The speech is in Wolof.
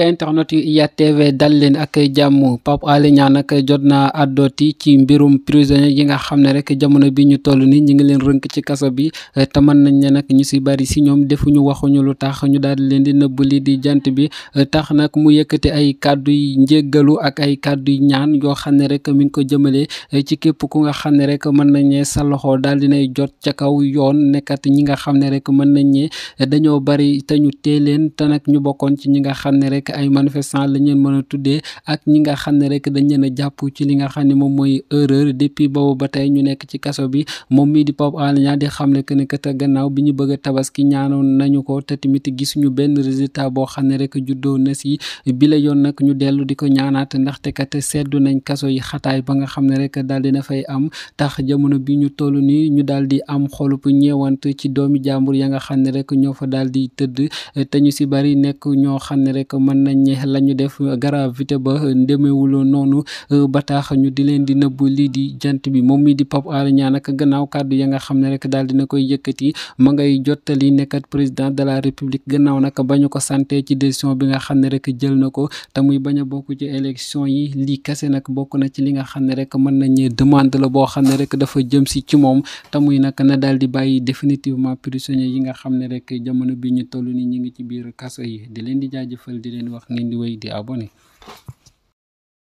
mbokk internet yu IYAT TV dal leen ak jàmm Pape Alé Niang nag jot naa àddooti ci mbirum prisonnier yi nga xam ne rek jamono bi ñu toll ni ñu ngi leen rënk ci kaso bi te mën nañ ne nag ñu si bari si ñoom defuñu waxuñu lu tax ñu daal leen di nëbb li di jant bi tax nag mu yëkkati ay kàddu yi njéggalu ak ay kàddu yi ñaan yoo xam ne rek mi ngi ko jëmale eh, ci képp ku nga xam ne rek mën nañ ne sa loxo daal dinay jot ca kaw yoon nekkat ñi nga xam ne rek mën nañ dañoo bari te ñu tee te nag ñu bokkoon ci ñi nga xam ne rek nekk ay manifestant la mën a tuddee ak ñi nga xam ne rek dañ leen a jàpp ci li nga xam ne moom mooy erreur depuis boobu ba tey ñu nekk ci kaso bi moom mii di Pape Alé Niang di xam ne que ne kat gannaaw bi ñu bëgg a tabaski ñaanoon nañu ko te tamit gisuñu benn résultat boo xam ne rek juddoo na si bi la yoon nag ñu dellu di ko ñaanaat ndaxte kat seddu nañ kaso yi xataay ba nga xam ne rek daal dina fay am tax jamono bi ñu toll nii ñu dal di am xolub ñeewant ci doomi jàmbur ya nga xam ne rek ñoo fa daal di tëdd te ñu si bari nekk ñoo xam ne rek mën nañ ne la ñu def gravité ba ndemewul noonu ba tax ñu di leen di nëbb lii di jant bi moom mii di Pape Alé Niang nag gannaaw kàddu ya nga xam ne rek daal dina koy yëkkati ma ngay jottali nekkat président de la république gannaaw nag ba ñu ko santé ci décision bi nga xam ne rek jël na ko te muy bañ a bokk ci élection yi lii kese nag bokk na ci li nga xam ne rek mën nañu demande la boo xam ne rek dafa jëm si ci moom te muy nag na daal di bàyyi définitivement prisonniers yi nga xam ne rek jamono bi ñu toll ni ñu ci biir kaso leen wax ngeen di wéy di abonné